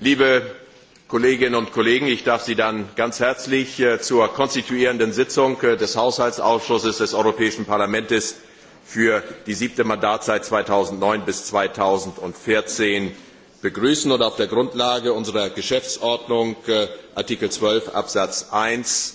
liebe kolleginnen und kollegen! ich darf sie dann ganz herzlich äh, zur konstituierenden sitzung äh, des haushaltsausschusses des europäischen parlaments für die siebte mandatszeit zweitausendneun zweitausendvierzehn begrüßen und auf der grundlage unserer geschäftsordnung äh, artikel zwölf absatz eins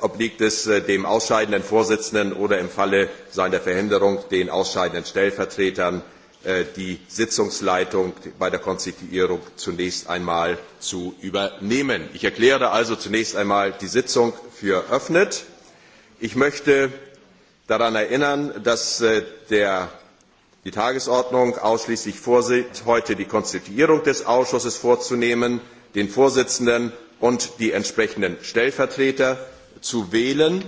obliegt es dem ausscheidenden vorsitzenden oder im falle seiner verhinderung den ausscheidenden stellvertretern Äh, die Sitzungsleitung bei der Konstituierung zunächst einmal zu übernehmen. Ich erkläre also zunächst einmal die Sitzung für eröffnet. Ich möchte daran erinnern, dass äh, die Tagesordnung ausschließlich vorsieht, heute die Konstituierung des Ausschusses vorzunehmen, den Vorsitzenden und die entsprechenden Stellvertreter zu wählen.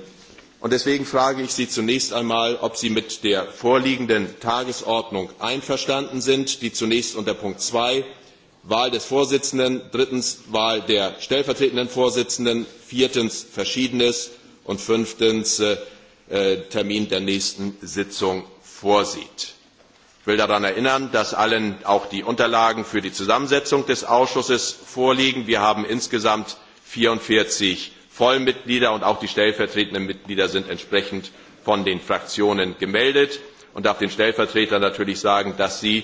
Und deswegen frage ich Sie zunächst einmal, ob Sie mit der vorliegenden Tagesordnung einverstanden sind, die zunächst unter Punkt 2 Wahl des Vorsitzenden, drittens Wahl der stellvertretenden Vorsitzenden, viertens Verschiedenes und fünftens äh, äh, Termin der nächsten Sitzung vorsieht. Ich will daran erinnern, dass allen auch die Unterlagen für die Zusammensetzung des Ausschusses vorliegen. Wir haben insgesamt 44 vollmitglieder und auch die stellvertretenden mitglieder sind entsprechend von den fraktionen gemeldet und darf den stellvertretern natürlich sagen dass sie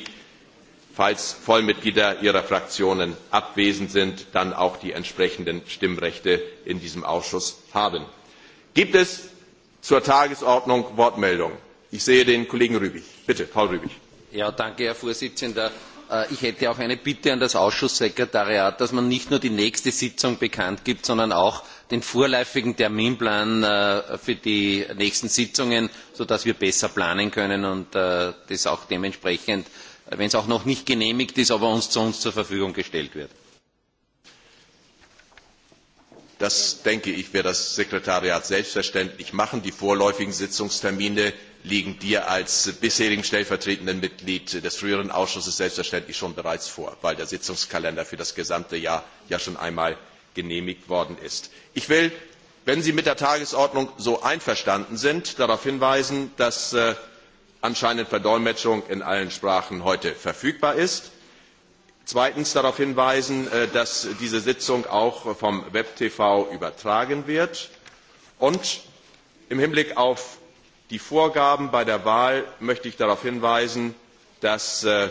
falls vollmitglieder ihrer fraktionen abwesend sind dann auch die entsprechenden stimmrechte in diesem ausschuss haben. gibt es zur tagesordnung wortmeldungen? ich sehe den kollegen rübig. bitte paul rübig. Ja, danke, herr Vorsitzender. Äh, ich hätte auch eine bitte an das ausschusssekretariat dass man nicht nur die nächste sitzung bekannt gibt sondern auch den vorläufigen terminplan äh, für die nächsten sitzungen sodass wir besser planen können und äh, das auch dementsprechend wenn es auch noch nicht genehmigt ist aber uns zur verfügung gestellt wird. das denke ich wird das sekretariat selbstverständlich machen. die vorläufigen sitzungstermine liegen dir als bisherigem stellvertretendem mitglied des früheren ausschusses selbstverständlich schon bereits vor weil der sitzungskalender für das gesamte jahr ja schon einmal genehmigt worden ist. ich will wenn sie mit der tagesordnung so einverstanden sind darauf hinweisen dass äh, anscheinend verdolmetschung in allen sprachen heute verfügbar ist zweitens darauf hinweisen äh, dass diese sitzung auch vom web tv übertragen wird und im hinblick auf die vorgaben bei der wahl möchte ich darauf hinweisen dass äh,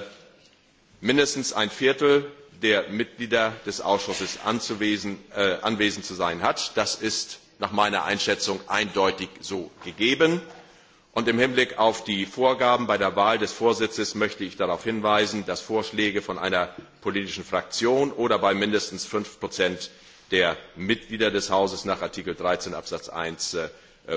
mindestens ein viertel der mitglieder des ausschusses äh, anwesend zu sein hat. das ist nach meiner einschätzung eindeutig so gegeben. im hinblick auf die vorgaben bei der wahl des vorsitzes möchte ich darauf hinweisen dass vorschläge von einer politischen fraktion oder bei mindestens fünf der mitglieder des hauses nach artikel dreizehn absatz eins äh,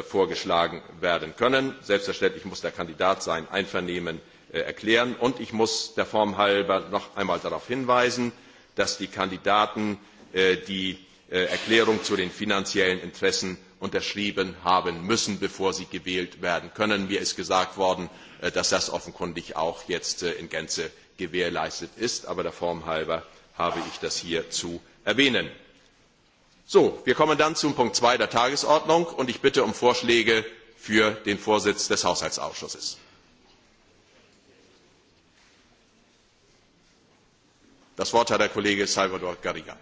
vorgeschlagen werden können. selbstverständlich muss der kandidat sein einvernehmen Äh, erklären und ich muss der form halber noch einmal darauf hinweisen dass die kandidaten äh, die äh, erklärung zu den finanziellen interessen unterschrieben haben müssen bevor sie gewählt werden können. mir ist gesagt worden dass das offenkundig auch jetzt in gänze gewährleistet ist aber der form halber habe ich das hier zu erwähnen. So, wir kommen dann zu punkt zwei der tagesordnung und ich bitte um vorschläge für den vorsitz des haushaltsausschusses. das wort hat der kollege salvador garriga.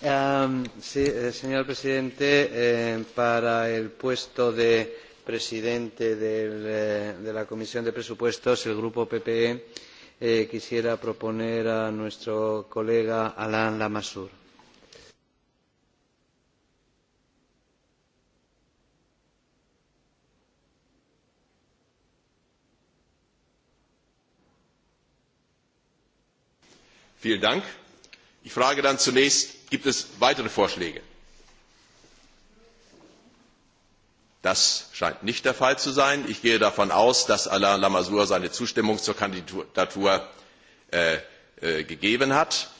Eh, señor presidente para el puesto de presidente eh, de la comisión de presupuestos el grupo ppe eh, quisiera proponer a nuestro colega alain lamassoure. vielen dank! ich frage dann zunächst gibt es weitere vorschläge? das scheint nicht der fall zu sein. ich gehe davon aus dass alain lamassoure seine zustimmung zur kandidatur äh, äh, gegeben hat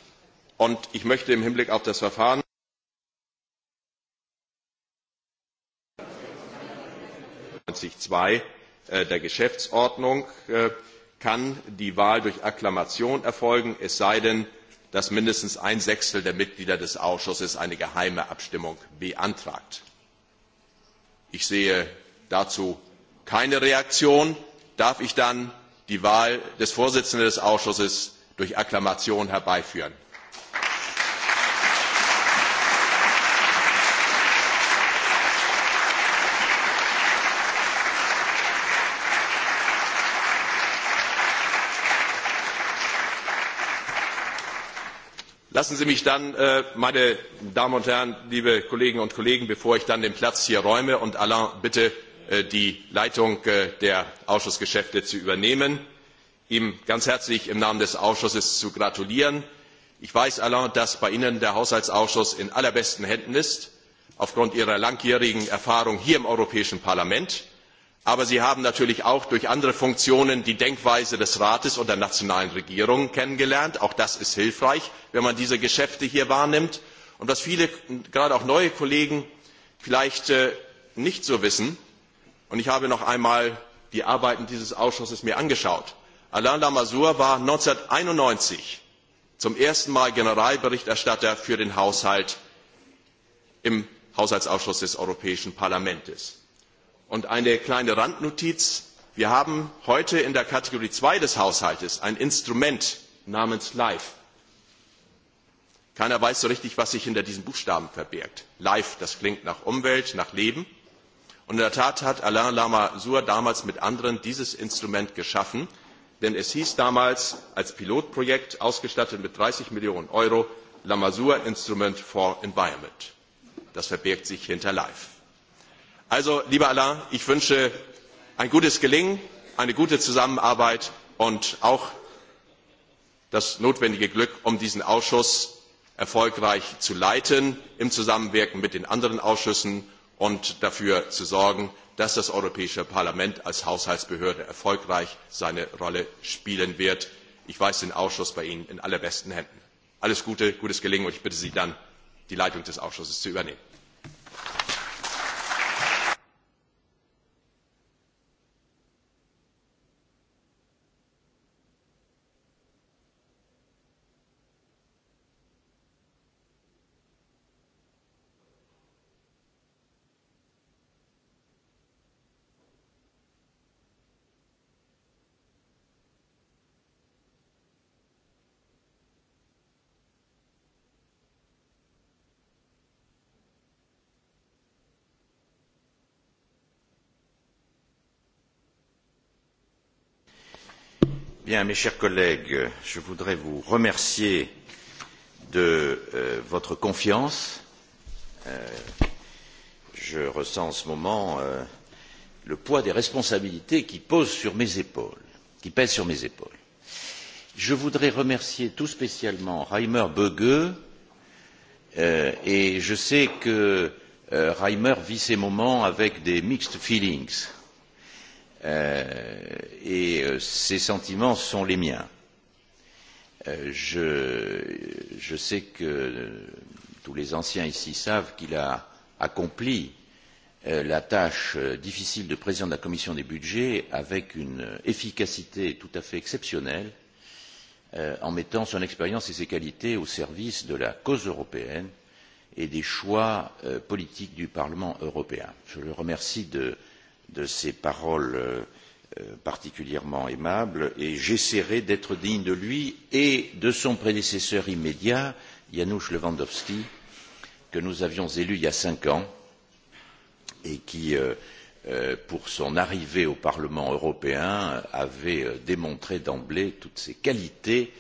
und ich möchte im hinblick auf das verfahren artikel neunzig absatz zwei äh, der geschäftsordnung kann die wahl durch akklamation erfolgen es sei denn dass mindestens ein sechstel der mitglieder des ausschusses eine geheime abstimmung beantragt. ich sehe dazu keine reaktion. darf ich dann die wahl des vorsitzenden des ausschusses durch akklamation herbeiführen? lassen sie mich dann äh, meine damen und herren liebe kolleginnen und kollegen bevor ich dann den platz hier räume und alain bitte äh, die leitung äh, der ausschussgeschäfte zu übernehmen ihm ganz herzlich im namen des ausschusses zu gratulieren. ich weiß alain dass bei ihnen der haushaltsausschuss in allerbesten händen ist aufgrund ihrer langjährigen erfahrung hier im europäischen parlament aber sie haben natürlich auch durch andere funktionen die denkweise des rates und der nationalen regierungen kennengelernt. auch das ist hilfreich wenn man diese geschäfte hier wahrnimmt. was viele gerade auch neue kollegen vielleicht äh, nicht so wissen und ich habe mir noch einmal die arbeiten dieses ausschusses angeschaut alain lamassoure war eintausendneunhunderteinundneunzig zum ersten mal generalberichterstatter für den haushalt im haushaltsausschuss des europäischen parlaments und eine kleine randnotiz wir haben heute in der kategorie zwei des haushalts ein instrument namens life. keiner weiß so richtig was sich hinter diesem buchstaben verbirgt. life das klingt nach umwelt nach leben und in der tat hat alain lamassoure damals mit anderen dieses instrument geschaffen denn es hieß damals als pilotprojekt ausgestattet mit dreißig millionen euro lamassoure instrument for environment. das verbirgt sich hinter life also lieber alain ich wünsche ein gutes gelingen eine gute zusammenarbeit und auch das notwendige glück um diesen ausschuss erfolgreich zu leiten im zusammenwirken mit den anderen ausschüssen und dafür zu sorgen dass das europäische parlament als haushaltsbehörde erfolgreich seine rolle spielen wird. ich weiß den ausschuss bei ihnen in allerbesten händen. alles gute gutes gelingen und ich bitte sie dann die leitung des ausschusses zu übernehmen. Bien, mes chers collègues, je voudrais vous remercier de euh, votre confiance. Euh, je ressens en ce moment euh, le poids des responsabilités qui posent sur mes épaules, qui pèsent sur mes épaules. Je voudrais remercier tout spécialement Reimer Böge euh, et je sais que euh, Reimer vit ces moments avec des mixed feelings Euh, et euh, ces sentiments sont les miens. Euh, je, je sais que tous les anciens ici savent qu'il a accompli la tâche difficile de président de la commission des budgets avec une efficacité tout à fait exceptionnelle en mettant son expérience et ses qualités au service de la cause européenne et des choix politiques du Parlement européen. Je le remercie de de ses paroles euh, euh, particulièrement aimables et j'essaierai d'être digne de lui et de son prédécesseur immédiat, Janusz Lewandowski, que nous avions élu il y a cinq ans et qui, euh, pour son arrivée au Parlement européen, avait démontré d'emblée toutes ses qualités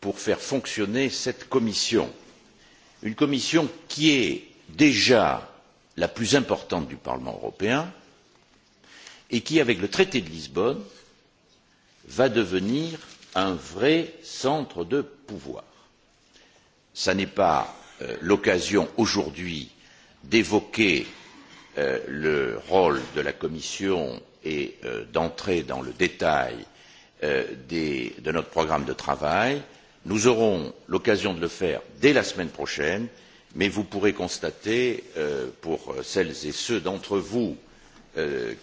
pour faire fonctionner cette commission. Une commission qui est déjà la plus importante du Parlement européen, et qui avec le traité de lisbonne va devenir un vrai centre de pouvoir. ce n'est pas euh, l'occasion aujourd'hui d'évoquer euh, le rôle de la commission et euh, d'entrer dans le détail euh, des, de notre programme de travail. nous aurons l'occasion de le faire dès la semaine prochaine mais vous pourrez constater euh, pour euh, celles et ceux d'entre vous Euh,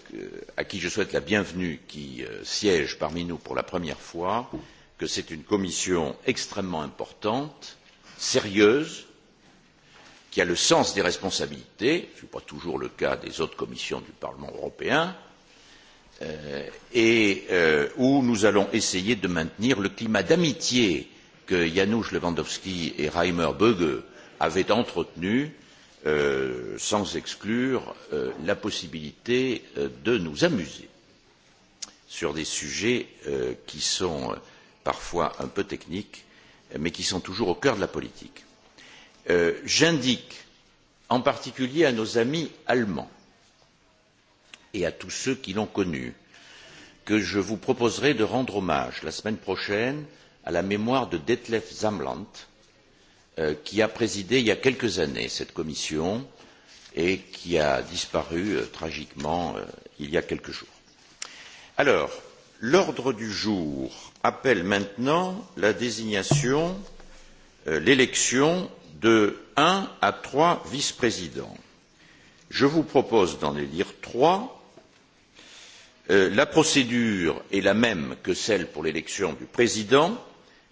à qui je souhaite la bienvenue, qui euh, siège parmi nous pour la première fois, que c'est une commission extrêmement importante, sérieuse, qui a le sens des responsabilités, ce n'est pas toujours le cas des autres commissions du Parlement européen, euh, et euh, où nous allons essayer de maintenir le climat d'amitié que Janusz Lewandowski et Reimer bge avaient entretenu Euh, sans exclure euh, la possibilité euh, de nous amuser sur des sujets qui sont parfois un peu techniques, mais qui sont toujours au cœur de la politique. J'indique en particulier à nos amis allemands et à tous ceux qui l'ont connu que je vous proposerai de rendre hommage la semaine prochaine à la mémoire de Detlef Zamland, Euh, qui a présidé il y a quelques années cette commission et qui a disparu euh, tragiquement euh, il y a quelques jours. Alors, l'ordre du jour appelle maintenant la désignation, euh, l'élection de un à trois vice-présidents. Je vous propose d'en élire trois. Euh, la procédure est la même que celle pour l'élection du président,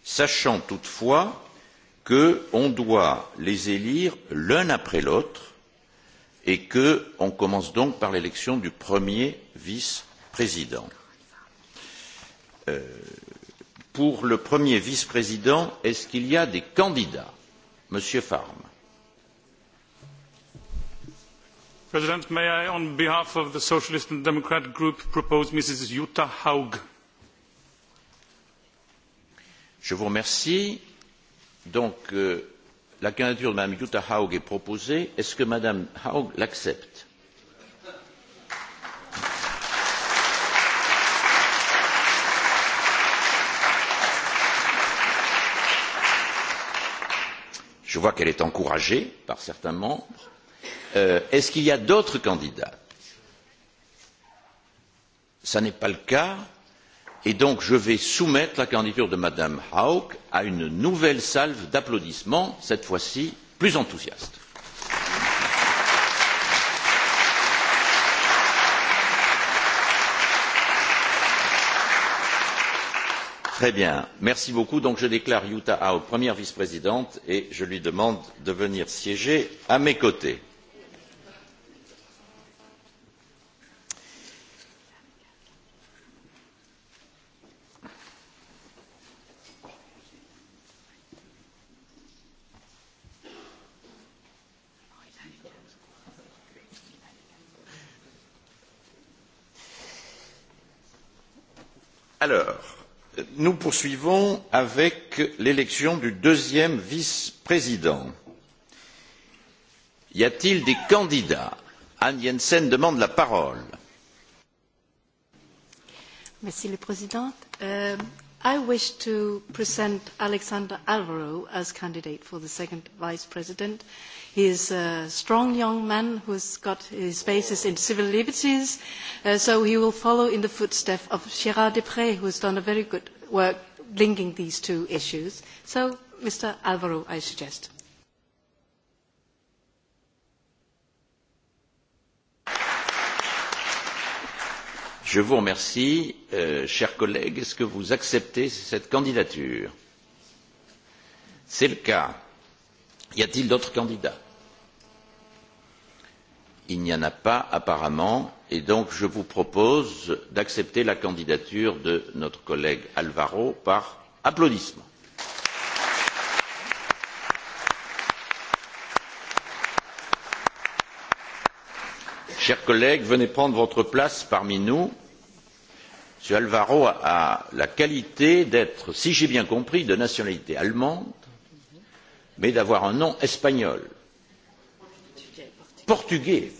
sachant toutefois qu'on doit les élire l'un après l'autre et qu'on commence donc par l'élection du premier vice président. Euh, pour le premier vice président, est ce qu'il y a des candidats? Monsieur Farm. President, may I, on behalf of the Socialist and Democrat Group, propose Mrs. Jutta Haug? Je vous remercie donc euh, la candidature de mme jutta haug est proposée est ce que mme haug l'accepte? je vois qu'elle est encouragée par certains membres. Euh, est ce qu'il y a d'autres candidats? ce n'est pas le cas et donc je vais soumettre la candidature de mme haug à une nouvelle salve d'applaudissements cette fois ci plus enthousiastes. Très bien, merci beaucoup. Donc je déclare Jutta Haug première vice-présidente et je lui demande de venir siéger à mes côtés. Alors, nous poursuivons avec l'élection du deuxième vice président. y a t il des candidats? anne jensen demande la parole. monsieur le président. je voudrais féliciter m. I wish to present Alexander Alvaro as candidate for the second vice president. He is a strong young man who's got his basis in civil liberties, uh, so he will follow in the footsteps of Gérard Deprez, who has done a very good work linking these two issues. So, Mr. Alvaro, I suggest. je vous remercie euh, chers collègues est ce que vous acceptez cette candidature? c'est le cas. y a t il d'autres candidats? il n'y en a pas apparemment et donc je vous propose d'accepter la candidature de notre collègue alvaro par applaudissements. chers collègues venez prendre votre place parmi nous. M. Alvaro a la qualité d'être, si j'ai bien compris, de nationalité allemande, mais d'avoir un nom espagnol, portugais.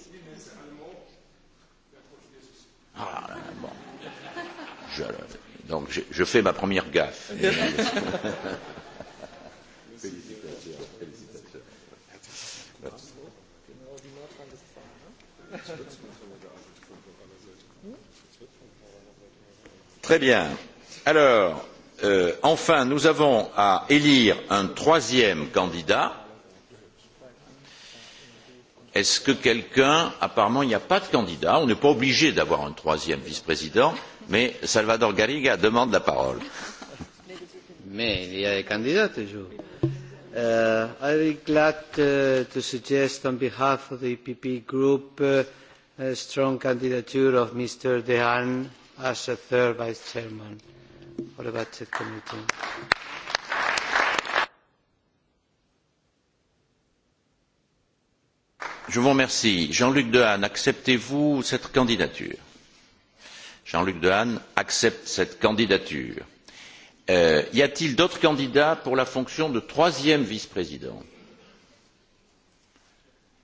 Ah, bon. je, donc je, je fais ma première gaffe. Félicitations. Félicitations. très bien. alors euh, enfin nous avons à élire un troisième candidat. est ce que quelqu'un apparemment il n'y a pas de candidat on n'est pas obligé d'avoir un troisième vice président mais salvador garriga demande la parole. mais il y a des candidats toujours. Uh, I would be glad uh, to suggest on behalf of the EPP group uh, a strong candidature of Mr. Dehaene as a third vice chairman for the budget committee. Je vous remercie. Jean-Luc Dehaene, acceptez-vous cette candidature Jean-Luc Dehaene accepte cette candidature. Euh, y a-t-il d'autres candidats pour la fonction de troisième vice-président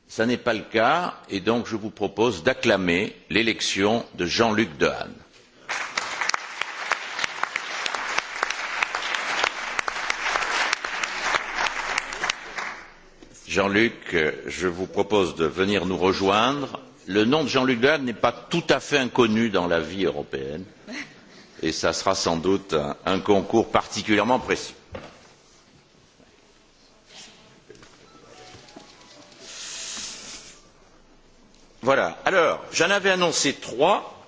Ce n'est pas le cas et donc je vous propose d'acclamer l'élection de Jean-Luc Dehaene. Jean Luc, euh, je vous propose de venir nous rejoindre. Le nom de Jean Luc Dehaene n'est pas tout à fait inconnu dans la vie européenne et ce sera sans doute un, un concours particulièrement précieux. Voilà. Alors, j'en avais annoncé trois,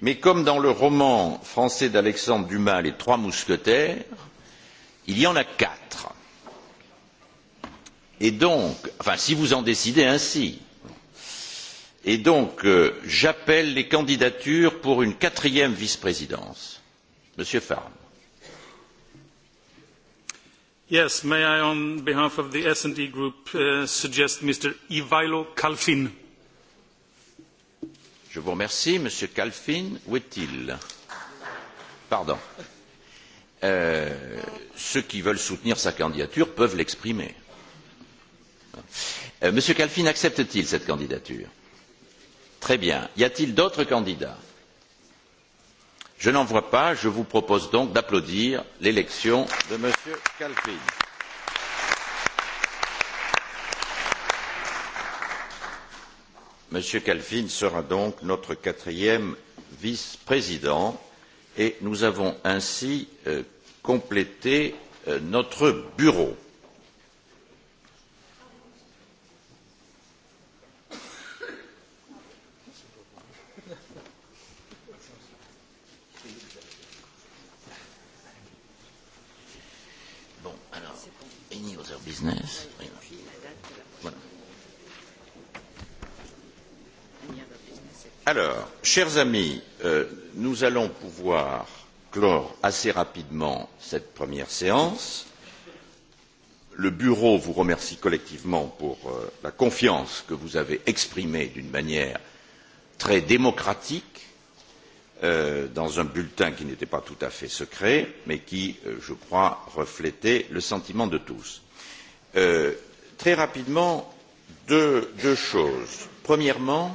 mais comme dans le roman français d'Alexandre Dumas, Les Trois Mousquetaires, il y en a quatre et donc enfin si vous en décidez ainsi et donc euh, j'appelle les candidatures pour une quatrième vice présidence m. farm yes may i on behalf of the s&d group uh, suggest mr ivailo kalfin je vous remercie monsieur kalfin où est-il pardon euh, ceux qui veulent soutenir sa candidature peuvent l'exprimer. Euh, m. Kalfin accepte t il cette candidature? Très bien. Y a t il d'autres candidats? Je n'en vois pas, je vous propose donc d'applaudir l'élection de M. Kalfin. m. kalfin sera donc notre quatrième vice président et nous avons ainsi euh, complété euh, notre bureau. chers amis euh, nous allons pouvoir clore assez rapidement cette première séance. le bureau vous remercie collectivement pour euh, la confiance que vous avez exprimée d'une manière très démocratique euh, dans un bulletin qui n'était pas tout à fait secret mais qui je crois reflétait le sentiment de tous. Euh, très rapidement deux, deux choses. premièrement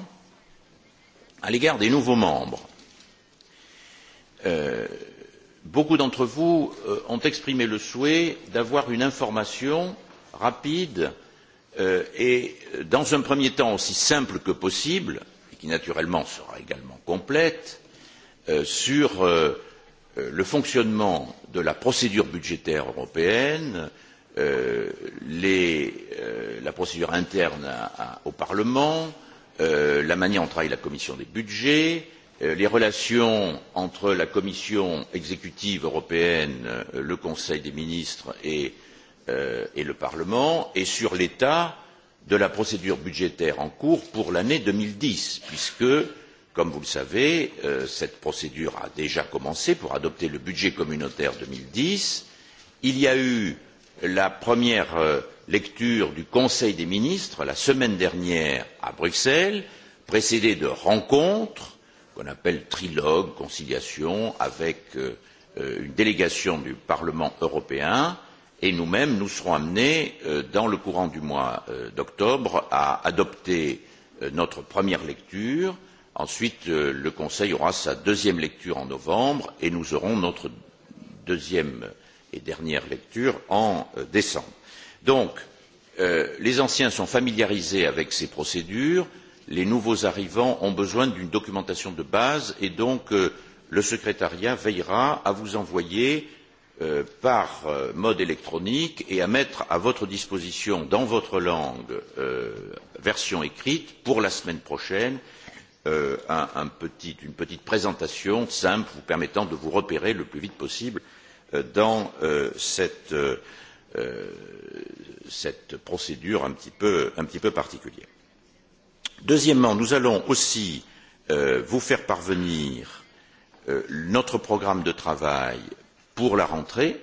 à l'égard des nouveaux membres euh, beaucoup d'entre vous euh, ont exprimé le souhait d'avoir une information rapide euh, et dans un premier temps aussi simple que possible et qui naturellement sera également complète euh, sur euh, euh, le fonctionnement de la procédure budgétaire européenne les, la procédure interne à, à, au parlement Euh, la manière dont travaille la commission des budgets, euh, les relations entre la commission exécutive européenne, euh, le Conseil des ministres et, euh, et le Parlement, et sur l'état de la procédure budgétaire en cours pour l'année 2010, puisque, comme vous le savez, euh, cette procédure a déjà commencé pour adopter le budget communautaire 2010. Il y a eu la première euh, lecture du Conseil des ministres la semaine dernière à Bruxelles, précédée de rencontres qu'on appelle trilogue, conciliation, avec euh, euh, une délégation du Parlement européen et nous-mêmes, nous serons amenés, euh, dans le courant du mois euh, d'octobre, à adopter euh, notre première lecture. Ensuite, euh, le Conseil aura sa deuxième lecture en novembre et nous aurons notre deuxième et dernière lecture en euh, décembre donc euh, les anciens sont familiarisés avec ces procédures les nouveaux arrivants ont besoin d'une documentation de base et donc euh, le secrétariat veillera à vous envoyer euh, par mode électronique et à mettre à votre disposition dans votre langue euh, version écrite pour la semaine prochaine euh, un, un petit, une petite présentation simple vous permettant de vous repérer le plus vite possible euh, dans euh, cette euh, Euh, cette procédure un petit peu, un petit peu particulière. Deuxièmement, nous allons aussi euh, vous faire parvenir euh, notre programme de travail pour la rentrée,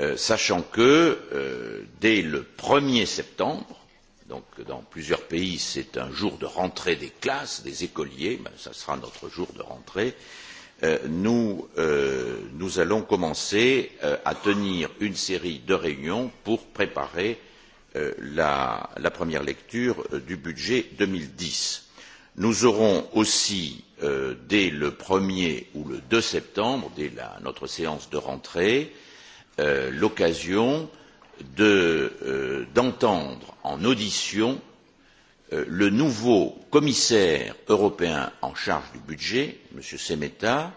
euh, sachant que euh, dès le 1er septembre, donc dans plusieurs pays c'est un jour de rentrée des classes, des écoliers, ben, ça sera notre jour de rentrée, euh, Euh, nous, euh, nous allons commencer euh, à tenir une série de réunions pour préparer la, la première lecture du budget deux mille dix nous aurons aussi dès le un er ou le deux septembre dès la, notre séance de rentrée l'occasion d'entendre de, euh, en audition Euh, le nouveau commissaire européen en charge du budget, M. Semeta,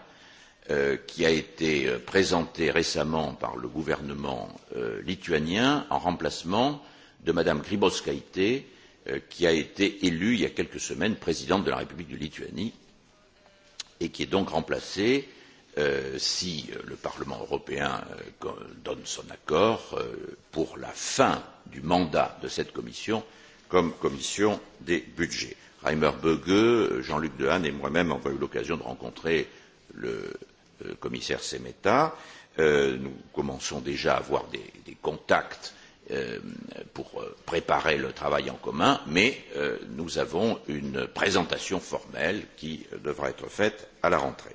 euh, qui a été euh, présenté récemment par le gouvernement euh, lituanien en remplacement de Mme Grybauskaite, euh, qui a été élue il y a quelques semaines présidente de la République de Lituanie et qui est donc remplacée, euh, si euh, le Parlement européen euh, donne son accord, euh, pour la fin du mandat de cette commission euh, comme commission des budgets. Reimer Böge, Jean-Luc Dehaene et moi-même avons eu l'occasion de rencontrer le euh, commissaire Semeta. Euh, nous commençons déjà à avoir des, des contacts euh, pour euh, préparer le travail en commun, mais euh, nous avons une présentation formelle qui devra être faite à la rentrée.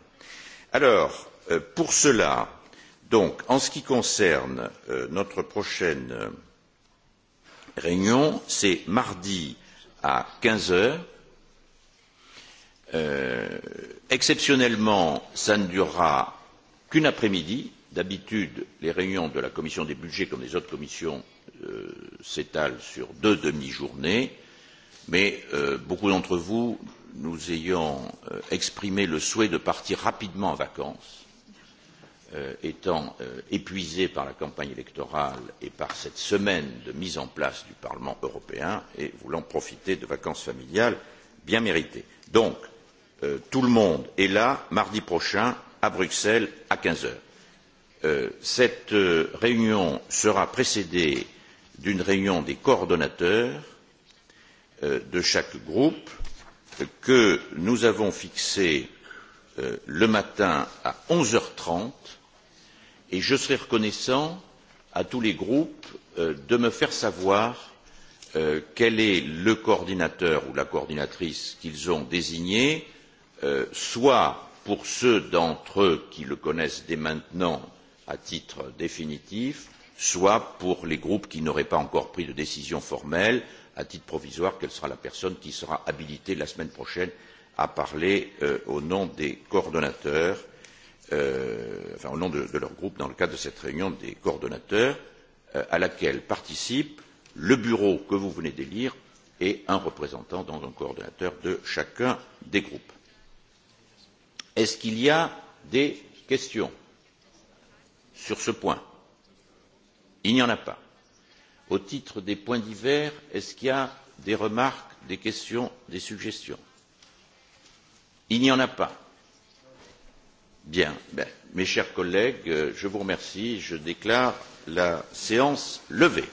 Alors, euh, pour cela, donc, en ce qui concerne euh, notre prochaine euh, réunion, c'est mardi à 15 heures. Euh, exceptionnellement, ça ne durera qu'une après-midi. D'habitude, les réunions de la commission des budgets, comme les autres commissions, euh, s'étalent sur deux demi-journées. Mais euh, beaucoup d'entre vous, nous ayant euh, exprimé le souhait de partir rapidement en vacances, Euh, étant euh, épuisé par la campagne électorale et par cette semaine de mise en place du Parlement européen et voulant profiter de vacances familiales bien méritées. Donc, euh, tout le monde est là mardi prochain à Bruxelles à 15 heures. Euh, cette réunion sera précédée d'une réunion des coordonnateurs de chaque groupe que nous avons fixée le matin à 11h30 et je serai reconnaissant à tous les groupes euh, de me faire savoir euh, quel est le coordinateur ou la coordinatrice qu'ils ont désigné euh, soit pour ceux d'entre eux qui le connaissent dès maintenant à titre définitif soit pour les groupes qui n'auraient pas encore pris de décision formelle à titre provisoire quelle sera la personne qui sera habilitée la semaine prochaine à parler euh, au nom des coordonnateurs Euh, enfin au nom de, de leur groupe dans le cadre de cette réunion des coordonnateurs euh, à laquelle participent le bureau que vous venez d'élire et un représentant donc un coordonnateur de chacun des groupes. est ce qu'il y a des questions sur ce point? il n'y en a pas. au titre des points divers est ce qu'il y a des remarques des questions des suggestions? il n'y en a pas Bien, ben, mes chers collègues, euh, je vous remercie. Je déclare la séance levée.